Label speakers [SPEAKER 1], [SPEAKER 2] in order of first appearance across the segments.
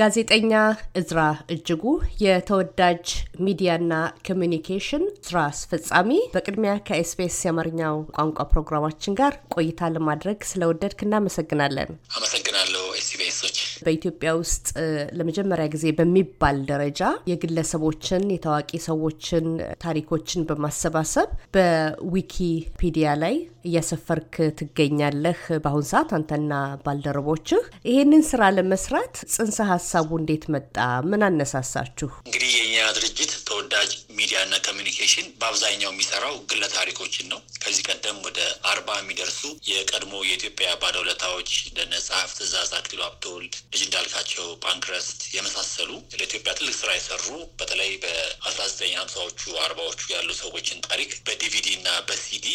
[SPEAKER 1] ጋዜጠኛ እዝራ እጅጉ የተወዳጅ ሚዲያና ኮሚኒኬሽን ስራ አስፈጻሚ፣ በቅድሚያ ከኤስቢኤስ የአማርኛው ቋንቋ ፕሮግራማችን ጋር ቆይታ ለማድረግ ስለወደድክ እናመሰግናለን።
[SPEAKER 2] አመሰግናለሁ ኤስቢኤሶች።
[SPEAKER 1] በኢትዮጵያ ውስጥ ለመጀመሪያ ጊዜ በሚባል ደረጃ የግለሰቦችን የታዋቂ ሰዎችን ታሪኮችን በማሰባሰብ በዊኪፒዲያ ላይ እያሰፈርክ ትገኛለህ በአሁን ሰዓት አንተና ባልደረቦችህ። ይህንን ስራ ለመስራት ጽንሰ ሀሳቡ እንዴት መጣ? ምን አነሳሳችሁ? እንግዲህ የኛ ድርጅት ተወዳጅ ሚዲያና ኮሚኒኬሽን በአብዛኛው የሚሰራው
[SPEAKER 2] ግለ ታሪኮችን ነው። ከዚህ ቀደም ወደ አርባ የሚደርሱ የቀድሞ የኢትዮጵያ ባለውለታዎች ለነ ጸሐፍ ትእዛዝ አክሊሉ ሀብተወልድ፣ ልጅ እንዳልካቸው ፓንክረስት የመሳሰሉ ለኢትዮጵያ ትልቅ ስራ የሰሩ በተለይ በአስራ ዘጠኝ ሀምሳዎቹ አርባዎቹ ያሉ ሰዎችን ታሪክ በዲቪዲ እና በሲዲ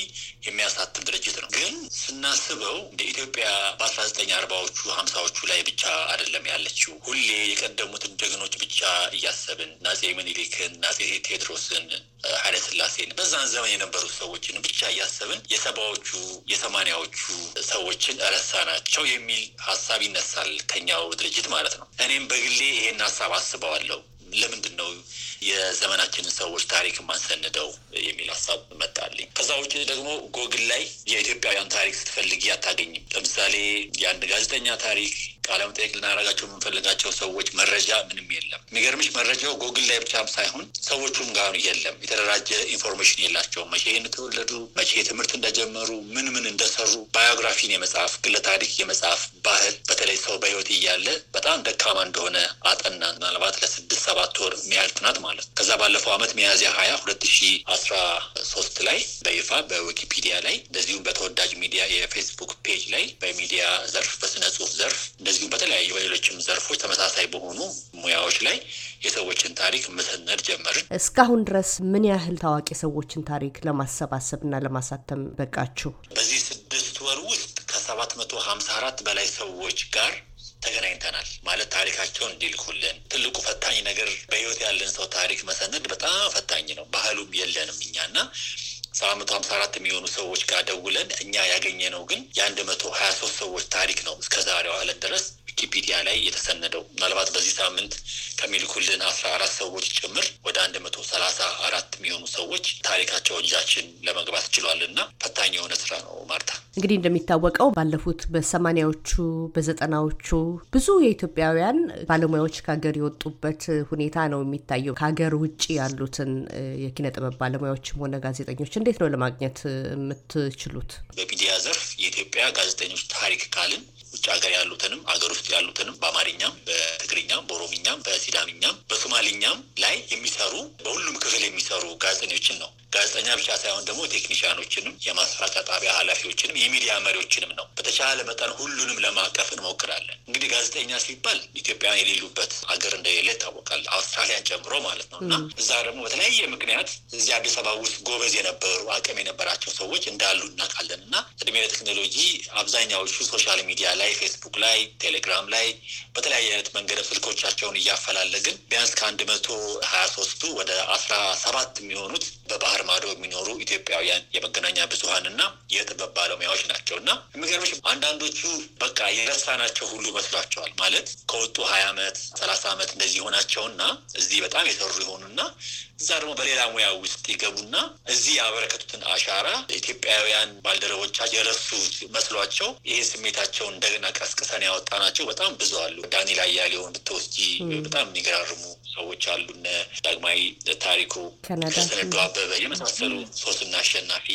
[SPEAKER 2] የሚያሳትም ድርጅት ነው። ግን ስናስበው ኢትዮጵያ በአስራ ዘጠኝ አርባዎቹ ሀምሳዎቹ ላይ ብቻ አይደለም ያለችው። ሁሌ የቀደሙትን ጀግኖች ብቻ እያሰብን አፄ ምኒልክን፣ አፄ ቴዎድሮስን፣ ኃይለ በዛን ዘመን የነበሩ ሰዎችን ብቻ እያሰብን የሰባዎቹ የሰማኒያዎቹ ሰዎችን ናቸው የሚል ሀሳብ ይነሳል ከኛው ድርጅት ማለት ነው። እኔም በግሌ ይሄን ሀሳብ አስበዋለሁ። ለምንድን ነው የዘመናችንን ሰዎች ታሪክ ማንሰንደው የሚል ሀሳብ መጣልኝ። ከዛ ውጭ ደግሞ ጎግል ላይ የኢትዮጵያውያን ታሪክ ስትፈልጊ አታገኝም። ለምሳሌ የአንድ ጋዜጠኛ ታሪክ፣ ቃለ መጠየቅ ልናደርጋቸው የምንፈልጋቸው ሰዎች መረጃ ምንም የለም። የሚገርምሽ መረጃው ጎግል ላይ ብቻም ሳይሆን ሰዎቹም ጋር የለም። የተደራጀ ኢንፎርሜሽን የላቸውም። መቼ እንደተወለዱ፣ መቼ ትምህርት እንደጀመሩ፣ ምን ምን እንደሰሩ ባዮግራፊን የመጽሐፍ ግለ ታሪክ የመጽሐፍ ባህል በተለይ ሰው በህይወት እያለ በጣም ደካማ እንደሆነ አጠና ምናልባት ለስድስት ሰባት ወር የሚያህል ጥናት ማለት ከዛ ባለፈው ዓመት ሚያዝያ ሀያ ሁለት ሺ አስራ ሶስት ላይ በይፋ በዊኪፒዲያ ላይ እንደዚሁም በተወዳጅ ሚዲያ የፌስቡክ ፔጅ ላይ በሚዲያ ዘርፍ በስነ ጽሁፍ
[SPEAKER 1] ዘርፍ እንደዚሁም በተለያዩ በሌሎችም ዘርፎች ተመሳሳይ በሆኑ ሙያዎች ላይ የሰዎችን ታሪክ መሰነድ ጀመርን። እስካሁን ድረስ ምን ያህል ታዋቂ ሰዎችን ታሪክ ለማሰባሰብና ለማሳተም በቃችሁ? በዚህ
[SPEAKER 2] ስድስት ወር ውስጥ ከሰባት መቶ ሀምሳ አራት በላይ ሰዎች ጋር ተገናኝተናል። ማለት ታሪካቸውን እንዲልኩልን ትልቁ ፈታኝ ነገር በህይወት ያለን ሰው ታሪክ መሰነድ በጣም ፈታኝ ነው። ባህሉም የለንም እኛ እና ሰባት መቶ ሀምሳ አራት የሚሆኑ ሰዎች ጋር ደውለን እኛ ያገኘ ነው ግን የአንድ መቶ ሀያ ሶስት ሰዎች ታሪክ ነው እስከ ድረስ ዊኪፒዲያ ላይ የተሰነደው ምናልባት በዚህ ሳምንት ከሚልኩልን አስራ አራት ሰዎች ጭምር ወደ አንድ መቶ ሰላሳ አራት የሚሆኑ ሰዎች ታሪካቸው እጃችን
[SPEAKER 1] ለመግባት ችሏል እና ፈታኝ የሆነ ስራ ነው ማርታ። እንግዲህ እንደሚታወቀው ባለፉት በሰማኒያዎቹ በዘጠናዎቹ ብዙ የኢትዮጵያውያን ባለሙያዎች ከሀገር የወጡበት ሁኔታ ነው የሚታየው። ከሀገር ውጭ ያሉትን የኪነ ጥበብ ባለሙያዎችም ሆነ ጋዜጠኞች እንዴት ነው ለማግኘት የምትችሉት? በሚዲያ
[SPEAKER 2] ዘርፍ የኢትዮጵያ ጋዜጠኞች ታሪክ ካልን ውጭ ሀገር ያሉትንም ሀገር ውስጥ ያሉትንም በአማርኛም፣ በትግርኛም፣ በኦሮምኛም፣ በሲዳምኛም፣ በሶማሊኛም ላይ የሚሰሩ በሁሉም ክፍል የሚሰሩ ጋዜጠኞችን ነው ጋዜጠኛ ብቻ ሳይሆን ደግሞ ቴክኒሽያኖችንም፣ የማሰራጫ ጣቢያ ኃላፊዎችንም፣ የሚዲያ መሪዎችንም ነው። በተቻለ መጠን ሁሉንም ለማቀፍ እንሞክራለን። እንግዲህ ጋዜጠኛ ሲባል ኢትዮጵያውያን የሌሉበት ሀገር እንደሌለ ይታወቃል። አውስትራሊያን ጨምሮ ማለት ነው እና እዛ ደግሞ በተለያየ ምክንያት እዚህ አዲስ አበባ ውስጥ ጎበዝ የነበሩ አቅም የነበራቸው ሰዎች እንዳሉ እናውቃለን እና እድሜ ለቴክኖሎጂ አብዛኛዎቹ ሶሻል ሚዲያ ላይ ፌስቡክ ላይ ቴሌግራም ላይ በተለያየ አይነት መንገድ ስልኮቻቸውን እያፈላለግን ቢያንስ ከአንድ መቶ ሀያ ሶስቱ ወደ አስራ ሰባት የሚሆኑት በባህር ባህር ማዶ የሚኖሩ ኢትዮጵያውያን የመገናኛ ብዙሀን እና የጥበብ ባለሙያዎች ናቸው እና የሚገርምሽ አንዳንዶቹ በቃ ናቸው ሁሉ መስሏቸዋል። ማለት ከወጡ ሀያ አመት ሰላሳ አመት እንደዚህ የሆናቸው ሆናቸውና እዚህ በጣም የሰሩ የሆኑና እዛ ደግሞ በሌላ ሙያ ውስጥ ይገቡና እዚህ ያበረከቱትን አሻራ ኢትዮጵያውያን ባልደረቦቻቸው የረሱት መስሏቸው ይህን ስሜታቸውን እንደገና ቀስቅሰን ያወጣ ናቸው በጣም ብዙ አሉ። ዳንኤል አያሌውን ብትወስጂ በጣም የሚገራርሙ ሰዎች አሉ። እነ ዳግማዊ ታሪኩ፣
[SPEAKER 1] ስንዱ አበበ የመሳሰሉ
[SPEAKER 2] ሶስትና አሸናፊ፣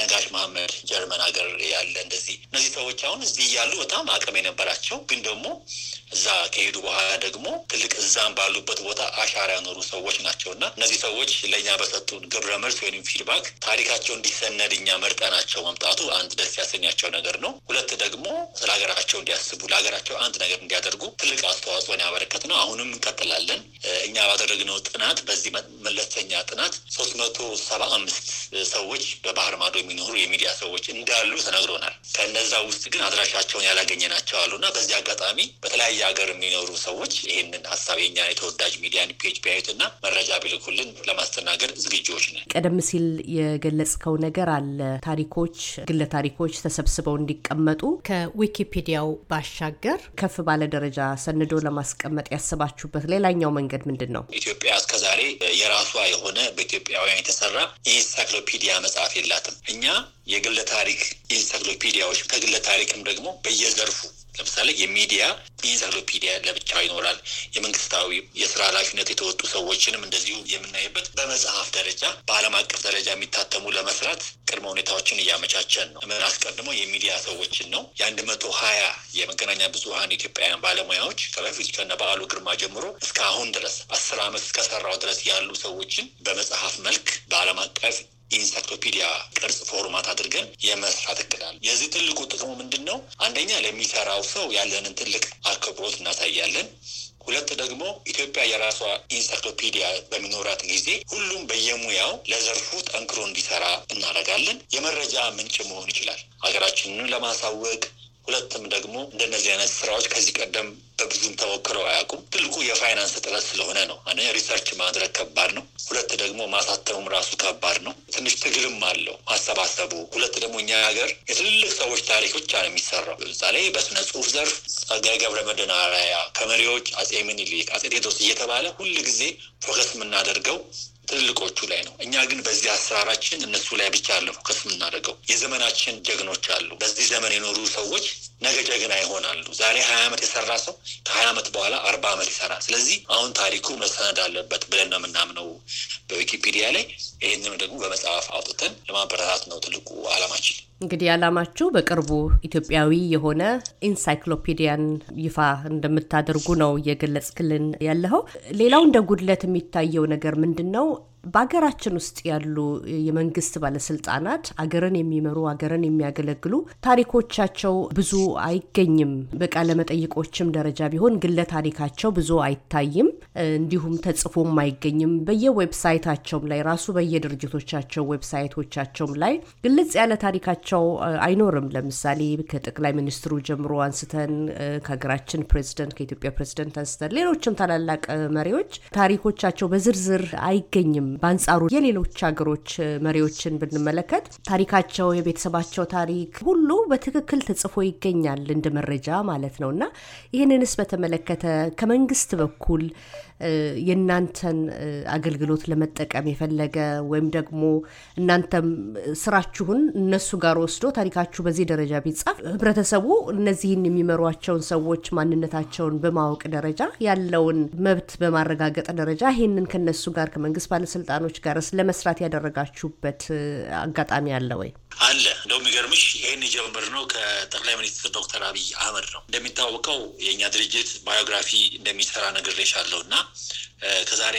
[SPEAKER 2] ነጋሽ መሐመድ ጀርመን ሀገር ያለ እንደዚህ እነዚህ ሰዎች አሁን እዚህ እያሉ በጣም አቅም የነበራቸው ግን ደግሞ እዛ ከሄዱ በኋላ ደግሞ ትልቅ እዛም ባሉበት ቦታ አሻራ ያኖሩ ሰዎች ናቸው እና እነዚህ ሰዎች ለእኛ በሰጡን ግብረ መልስ ወይም ፊድባክ ታሪካቸው እንዲሰነድ እኛ መርጠናቸው መምጣቱ አንድ ደስ ያሰኛቸው ነገር ነው። ሁለት ደግሞ ስለ ሀገራቸው እንዲያስቡ ለሀገራቸው አንድ ነገር እንዲያደርጉ ትልቅ አስተዋጽኦን ያበረከት ነው። አሁንም እንቀጥላለን። እኛ ባደረግነው ጥናት በዚህ መለስተኛ ጥናት ሶስት መቶ ሰባ አምስት ሰዎች በባህር ማዶ የሚኖሩ የሚዲያ ሰዎች እንዳሉ ተነግሮናል። ከነዛ ውስጥ ግን አድራሻቸውን ያላገኘናቸው አሉ እና በዚህ አጋጣሚ
[SPEAKER 1] በተለያየ ሀገር የሚኖሩ ሰዎች ይህንን ሀሳብ የኛ የተወዳጅ ሚዲያን ፔጅ ቢያዩትና መረጃ ቢልኩልን ለማስተናገድ ዝግጁዎች ነን። ቀደም ሲል የገለጽከው ነገር አለ። ታሪኮች፣ ግለ ታሪኮች ተሰብስበው እንዲቀመጡ ከዊኪፒዲያው ባሻገር ከፍ ባለ ደረጃ ሰንዶ ለማስቀመጥ ያስባችሁበት ሌላኛው መንገድ ምንድን ነው? ኢትዮጵያ እስከዛሬ የራሷ የሆነ በኢትዮጵያውያን የተሰራ የተሰራ የኢንሳይክሎፒዲያ መጽሐፍ የላትም። እኛ የግለ ታሪክ ኢንሳይክሎፒዲያዎች ከግለ ታሪክም ደግሞ በየዘርፉ ለምሳሌ የሚዲያ ኢንሳይክሎፒዲያ ለብቻው ይኖራል። የመንግስታዊ የስራ ኃላፊነት
[SPEAKER 2] የተወጡ ሰዎችንም እንደዚሁ የምናይበት በመጽሐፍ ደረጃ በዓለም አቀፍ ደረጃ የሚታተሙ ለመስራት ቅድመ ሁኔታዎችን እያመቻቸን ነው። ምን አስቀድሞ የሚዲያ ሰዎችን ነው የአንድ መቶ ሀያ የመገናኛ ብዙሀን ኢትዮጵያውያን ባለሙያዎች ከበፊት ከነ በዓሉ ግርማ ጀምሮ እስከ አሁን ድረስ አስር አመት እስከሰራው ድረስ ያሉ ሰዎችን በመጽሐፍ መልክ በዓለም አቀፍ ኢንሳይክሎፒዲያ ቅርጽ ፎርማት አድርገን የመስራት እቅዳል። የዚህ ትልቁ ጥቅሙ ምንድን ነው? አንደኛ ለሚሰራው ሰው ያለንን ትልቅ አክብሮት እናሳያለን። ሁለት ደግሞ ኢትዮጵያ የራሷ ኢንሳይክሎፒዲያ በሚኖራት ጊዜ ሁሉም በየሙያው ለዘርፉ ጠንክሮ እንዲሰራ እናደርጋለን። የመረጃ ምንጭ መሆን ይችላል። ሀገራችንን ለማሳወቅ ሁለትም ደግሞ እንደነዚህ አይነት ስራዎች ከዚህ ቀደም በብዙም ተሞክረው አያውቁም። ትልቁ የፋይናንስ እጥረት ስለሆነ ነው። አንደኛ ሪሰርች ማድረግ ከባድ ነው። ሁለት ደግሞ ማሳተሙም ራሱ ከባድ ነው። ትንሽ ትግልም አለው ማሰባሰቡ። ሁለት ደግሞ እኛ ሀገር የትልልቅ ሰዎች ታሪክ ብቻ ነው የሚሰራው። ለምሳሌ በስነ ጽሁፍ ዘርፍ ጸጋዬ ገብረ መድኅናራያ ከመሪዎች አጼ ምኒልክ፣ አጼ ቴዎድሮስ እየተባለ ሁል ጊዜ ፎከስ የምናደርገው ትልልቆቹ ላይ ነው። እኛ ግን በዚህ አሰራራችን እነሱ ላይ ብቻ አለ ፎከስ የምናደርገው። የዘመናችን ጀግኖች አሉ። በዚህ ዘመን የኖሩ ሰዎች ነገ ጀግና ይሆናሉ። ዛሬ ሀያ ዓመት የሰራ ሰው ከሀያ ዓመት በኋላ አርባ ዓመት ይሰራል። ስለዚህ አሁን ታሪኩ መሰነድ አለበት ብለን ነው የምናምነው በዊኪፒዲያ ላይ። ይህንም ደግሞ በመጽሐፍ አውጥተን ለማበረታት ነው ትልቁ አለማችን።
[SPEAKER 1] እንግዲህ አላማችሁ በቅርቡ ኢትዮጵያዊ የሆነ ኢንሳይክሎፒዲያን ይፋ እንደምታደርጉ ነው እየገለጽክልን ያለኸው። ሌላው እንደ ጉድለት የሚታየው ነገር ምንድን ነው? በሀገራችን ውስጥ ያሉ የመንግስት ባለስልጣናት አገርን የሚመሩ አገርን የሚያገለግሉ ታሪኮቻቸው ብዙ አይገኝም። በቃለ መጠይቆችም ደረጃ ቢሆን ግለ ታሪካቸው ብዙ አይታይም። እንዲሁም ተጽፎም አይገኝም። በየዌብሳይታቸውም ላይ ራሱ በየድርጅቶቻቸው ዌብሳይቶቻቸውም ላይ ግልጽ ያለ ታሪካቸው አይኖርም። ለምሳሌ ከጠቅላይ ሚኒስትሩ ጀምሮ አንስተን ከሀገራችን ፕሬዚደንት ከኢትዮጵያ ፕሬዚደንት አንስተን ሌሎችም ታላላቅ መሪዎች ታሪኮቻቸው በዝርዝር አይገኝም። በአንጻሩ የሌሎች ሀገሮች መሪዎችን ብንመለከት ታሪካቸው፣ የቤተሰባቸው ታሪክ ሁሉ በትክክል ተጽፎ ይገኛል እንደ መረጃ ማለት ነው እና ይህንንስ በተመለከተ ከመንግስት በኩል የእናንተን አገልግሎት ለመጠቀም የፈለገ ወይም ደግሞ እናንተም ስራችሁን እነሱ ጋር ወስዶ ታሪካችሁ በዚህ ደረጃ ቢጻፍ ህብረተሰቡ እነዚህን የሚመሯቸውን ሰዎች ማንነታቸውን በማወቅ ደረጃ ያለውን መብት በማረጋገጥ ደረጃ ይህንን ከነሱ ጋር ከመንግስት ባለስልጣኖች ጋር ስለመስራት ያደረጋችሁበት አጋጣሚ አለ ወይ? እንግዲህ ይህን የጀመርነው ከጠቅላይ ሚኒስትር ዶክተር አብይ አህመድ
[SPEAKER 2] ነው። እንደሚታወቀው የእኛ ድርጅት ባዮግራፊ እንደሚሰራ ነግሬሻለሁ እና ከዛሬ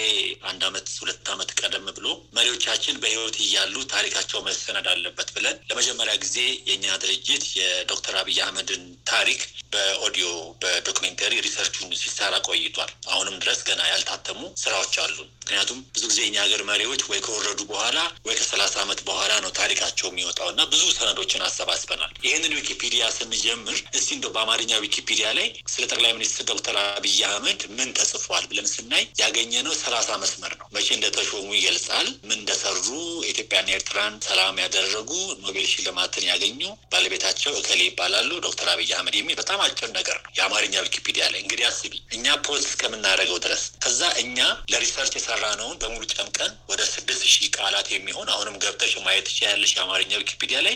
[SPEAKER 2] አንድ አመት ሁለት አመት ቀደም ብሎ መሪዎቻችን በህይወት እያሉ ታሪካቸው መሰነድ አለበት ብለን ለመጀመሪያ ጊዜ የእኛ ድርጅት የዶክተር አብይ አህመድን ታሪክ በኦዲዮ በዶክሜንተሪ ሪሰርቹን ሲሰራ ቆይቷል። አሁንም ድረስ ገና ያልታተሙ ስራዎች አሉ። ምክንያቱም ብዙ ጊዜ የኛ ሀገር መሪዎች ወይ ከወረዱ በኋላ ወይ ከሰላሳ አመት በኋላ ነው ታሪካቸው የሚወጣው እና ብዙ ሰነዶችን አሰባስበናል። ይህንን ዊኪፒዲያ ስንጀምር እስቲ እንደው በአማርኛ ዊኪፒዲያ ላይ ስለ ጠቅላይ ሚኒስትር ዶክተር አብይ አህመድ ምን ተጽፏል ብለን ስናይ ያገኘ ነው ሰላሳ መስመር ነው። መቼ እንደተሾሙ ይገልጻል። ምን እንደሰሩ ኢትዮጵያና ኤርትራን ሰላም ያደረጉ ኖቤል ሽልማትን ያገኙ ባለቤታቸው እከሌ ይባላሉ ዶክተር አብይ አህመድ የሚል በጣም አጭር ነገር ነው የአማርኛ ዊኪፒዲያ ላይ። እንግዲህ አስቢ እኛ ፖስት እስከምናደርገው ድረስ ከዛ እኛ ለሪሰርች የሰራ ነውን በሙሉ ጨምቀን ወደ ስድስት ሺህ ቃላት የሚሆን አሁንም ገብተሽ ማየት ትችያለሽ የአማርኛ ዊኪፒዲያ ላይ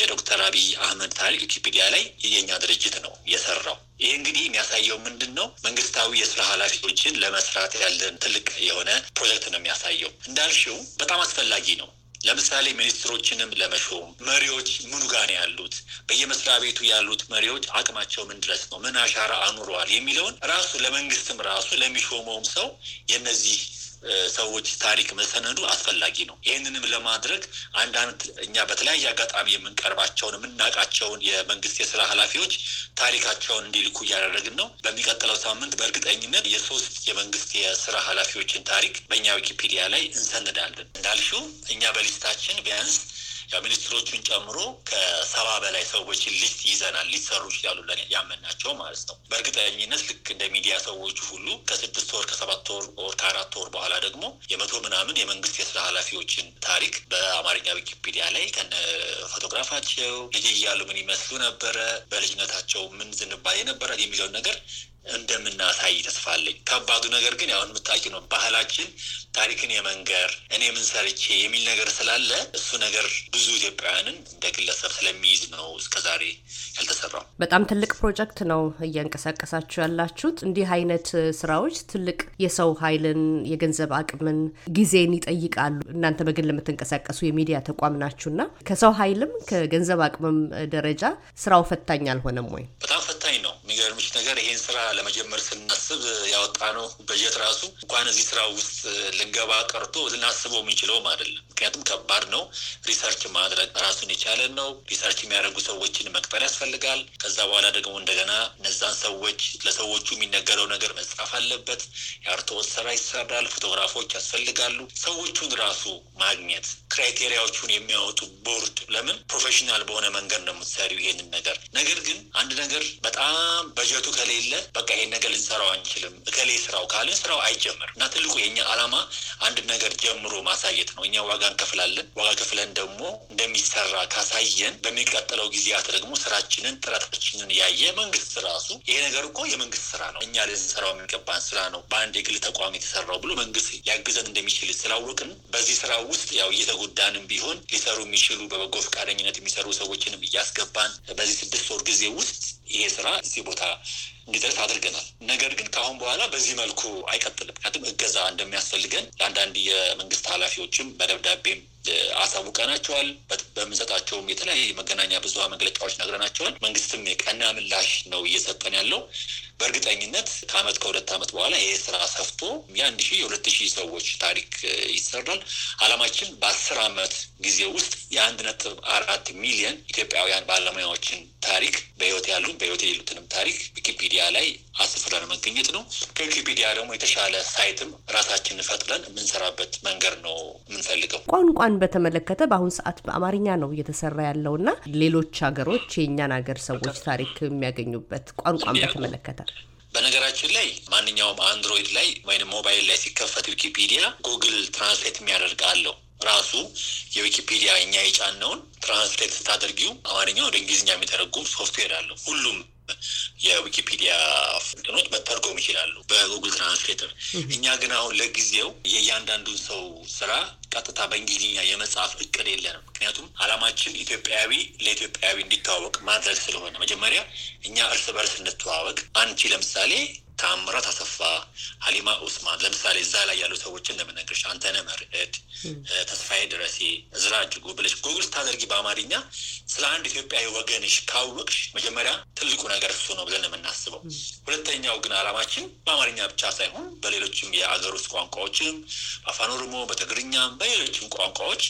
[SPEAKER 2] የዶክተር አብይ አህመድ ታሪክ ዊኪፒዲያ ላይ የኛ ድርጅት ነው የሰራው። ይህ እንግዲህ የሚያሳየው ምንድን ነው? መንግስታዊ የስራ ኃላፊዎችን ለመስራት ያለን ትልቅ የሆነ ፕሮጀክት ነው የሚያሳየው። እንዳልሽው በጣም አስፈላጊ ነው። ለምሳሌ ሚኒስትሮችንም ለመሾም መሪዎች ምኑ ጋር ነው ያሉት? በየመስሪያ ቤቱ ያሉት መሪዎች አቅማቸው ምን ድረስ ነው? ምን አሻራ አኑረዋል? የሚለውን ራሱ ለመንግስትም ራሱ ለሚሾመውም ሰው የነዚህ ሰዎች ታሪክ መሰነዱ አስፈላጊ ነው። ይህንንም ለማድረግ አንዳንድ እኛ በተለያየ አጋጣሚ የምንቀርባቸውን የምናውቃቸውን የመንግስት የስራ ኃላፊዎች ታሪካቸውን እንዲልኩ እያደረግን ነው። በሚቀጥለው ሳምንት በእርግጠኝነት የሶስት የመንግስት የስራ ኃላፊዎችን ታሪክ በእኛ ዊኪፒዲያ ላይ እንሰንዳለን። እንዳልሽው እኛ በሊስታችን ቢያንስ ሚኒስትሮቹን ጨምሮ ከሰባ በላይ ሰዎች ሊስት ይዘናል። ሊሰሩ ይችላሉ ያመናቸው ማለት ነው። በእርግጠኝነት ልክ እንደ ሚዲያ ሰዎች ሁሉ ከስድስት ወር ከሰባት ወር ወር ከአራት ወር በኋላ ደግሞ የመቶ ምናምን የመንግስት የስራ ኃላፊዎችን ታሪክ በአማርኛ ዊኪፒዲያ ላይ ከነ ፎቶግራፋቸው ልጅ እያሉ ምን ይመስሉ ነበረ፣ በልጅነታቸው ምን ዝንባሌ ነበረ የሚለውን ነገር እንደምናሳይ ተስፋ አለኝ። ከባዱ ነገር ግን ያሁን የምታውቂ ነው ባህላችን ታሪክን የመንገር እኔ ምን ሰርቼ የሚል ነገር ስላለ እሱ ነገር ብዙ ኢትዮጵያውያንን እንደ ግለሰብ ስለሚይዝ ነው እስከዛሬ ያልተሰራው።
[SPEAKER 1] በጣም ትልቅ ፕሮጀክት ነው እያንቀሳቀሳችሁ ያላችሁት። እንዲህ አይነት ስራዎች ትልቅ የሰው ኃይልን፣ የገንዘብ አቅምን፣ ጊዜን ይጠይቃሉ። እናንተ በግል የምትንቀሳቀሱ የሚዲያ ተቋም ናችሁና ከሰው ኃይልም ከገንዘብ አቅምም ደረጃ ስራው ፈታኝ አልሆነም ወይ? በጣም
[SPEAKER 2] ፈታኝ ነው። የሚገርምሽ ነገር ይሄን ስራ ለመጀመር ስናስብ ያወጣ ነው በጀት ራሱ እንኳን እዚህ ስራ ውስጥ ልንገባ ቀርቶ ልናስበው የምንችለውም አይደለም። ምክንያቱም ከባድ ነው። ሪሰርች ማድረግ ራሱን የቻለ ነው። ሪሰርች የሚያደርጉ ሰዎችን መቅጠር ያስፈልጋል። ከዛ በኋላ ደግሞ እንደገና እነዛን ሰዎች ለሰዎቹ የሚነገረው ነገር መጻፍ አለበት። የአርትዖት ስራ ይሰራል። ፎቶግራፎች ያስፈልጋሉ። ሰዎቹን ራሱ ማግኘት ክራይቴሪያዎቹን የሚያወጡ ቦርድ ለምን ፕሮፌሽናል በሆነ መንገድ ነው የምትሰሪው ይሄንን ነገር ነገር ግን አንድ ነገር በጣም በጀቱ ከሌለ በቃ ይሄን ነገር ልንሰራው አንችልም፣ እከሌ ስራው ካልን ስራው አይጀምርም። እና ትልቁ የኛ አላማ አንድ ነገር ጀምሮ ማሳየት ነው። እኛ ዋጋ እንከፍላለን። ዋጋ ከፍለን ደግሞ እንደሚሰራ ካሳየን በሚቀጥለው ጊዜያት ደግሞ ስራችንን ጥረታችንን ያየ መንግስት ራሱ ይሄ ነገር እኮ የመንግስት ስራ ነው፣ እኛ ልንሰራው የሚገባን ስራ ነው፣ በአንድ የግል ተቋም የተሰራው ብሎ መንግስት ሊያግዘን እንደሚችል ስላወቅን በዚህ ስራ ውስጥ ያው እየተጎዳንም ቢሆን ሊሰሩ የሚችሉ በበጎ ፈቃደኝነት የሚሰሩ ሰዎችንም እያስገባን በዚህ ስድስት ወር ጊዜ ውስጥ ይሄ ስራ ስራ እዚህ ቦታ እንዲደርስ አድርገናል። ነገር ግን ከአሁን በኋላ በዚህ መልኩ አይቀጥልም። ምክንያቱም እገዛ እንደሚያስፈልገን ለአንዳንድ የመንግስት ኃላፊዎችም በደብዳቤም አሳውቀናቸዋል።
[SPEAKER 1] በምንሰጣቸውም የተለያዩ መገናኛ ብዙ መግለጫዎች ነግረናቸዋል። መንግስትም የቀና ምላሽ ነው
[SPEAKER 2] እየሰጠን ያለው። በእርግጠኝነት ከአመት ከሁለት አመት በኋላ ይህ ስራ ሰፍቶ የአንድ ሺህ የሁለት ሺህ ሰዎች ታሪክ ይሰራል። አላማችን በአስር አመት ጊዜ ውስጥ የአንድ ነጥብ አራት ሚሊዮን ኢትዮጵያውያን ባለሙያዎችን ታሪክ በህይወት ያሉ በህይወት የሌሉትንም ታሪክ ዊኪፒዲያ ላይ አስፍረን መገኘት ነው። ከዊኪፒዲያ ደግሞ የተሻለ
[SPEAKER 1] ሳይትም ራሳችንን ፈጥረን የምንሰራበት መንገድ ነው የምንፈልገው ቋንቋ ቋንቋን በተመለከተ በአሁን ሰዓት በአማርኛ ነው እየተሰራ ያለው እና ሌሎች ሀገሮች የእኛን ሀገር ሰዎች ታሪክ የሚያገኙበት ቋንቋን በተመለከተ በነገራችን ላይ ማንኛውም አንድሮይድ ላይ ወይም ሞባይል ላይ ሲከፈት
[SPEAKER 2] ዊኪፒዲያ ጉግል ትራንስሌት የሚያደርግ አለው። ራሱ የዊኪፒዲያ እኛ የጫነውን ትራንስሌት ስታደርጊው አማርኛ ወደ እንግሊዝኛ የሚተረጉም ሶፍትዌር አለው ሁሉም የዊኪፒዲያ ፍንትኖች መተርጎም ይችላሉ በጉግል ትራንስሌተር። እኛ ግን አሁን ለጊዜው የእያንዳንዱን ሰው ስራ ቀጥታ በእንግሊዝኛ የመጽሐፍ እቅድ የለንም። ምክንያቱም አላማችን ኢትዮጵያዊ ለኢትዮጵያዊ እንዲተዋወቅ ማድረግ ስለሆነ መጀመሪያ እኛ እርስ በርስ እንተዋወቅ። አንቺ ለምሳሌ ታምራት አሰፋ፣ ሀሊማ ኡስማን ለምሳሌ እዛ ላይ ያሉ ሰዎች እንደምነግርሽ አንተነ መርዕድ፣ ተስፋዬ ድረሴ፣ እዝራ እጅጉ ብለሽ ጉግል ስታደርጊ በአማርኛ ስለ አንድ ኢትዮጵያዊ ወገንሽ ካወቅሽ መጀመሪያ ትልቁ ነገር እሱ ነው ብለን የምናስበው። ሁለተኛው ግን አላማችን በአማርኛ ብቻ ሳይሆን በሌሎችም የአገር ውስጥ ቋንቋዎችም በአፋን ኦሮሞ፣ በትግርኛም፣ በሌሎችም ቋንቋዎች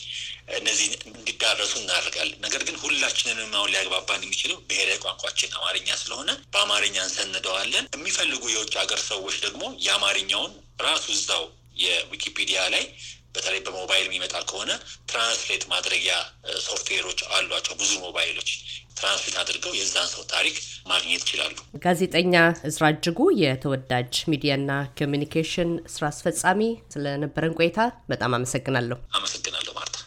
[SPEAKER 2] እነዚህ እንዲዳረሱ እናደርጋለን። ነገር ግን ሁላችንንም አሁን ሊያግባባን የሚችለው ብሔራዊ ቋንቋችን አማርኛ ስለሆነ በአማርኛ እንሰንደዋለን። የሚፈልጉ የውጭ ሀገር ሰዎች ደግሞ የአማርኛውን ራሱ እዛው የዊኪፒዲያ ላይ በተለይ በሞባይል የሚመጣ ከሆነ ትራንስሌት ማድረጊያ ሶፍትዌሮች አሏቸው። ብዙ ሞባይሎች ትራንስሌት አድርገው የዛን ሰው ታሪክ ማግኘት ይችላሉ።
[SPEAKER 1] ጋዜጠኛ እዝራ እጅጉ የተወዳጅ ሚዲያና ኮሚኒኬሽን ስራ አስፈጻሚ፣ ስለነበረን ቆይታ በጣም አመሰግናለሁ። አመሰግናለሁ ማርታ።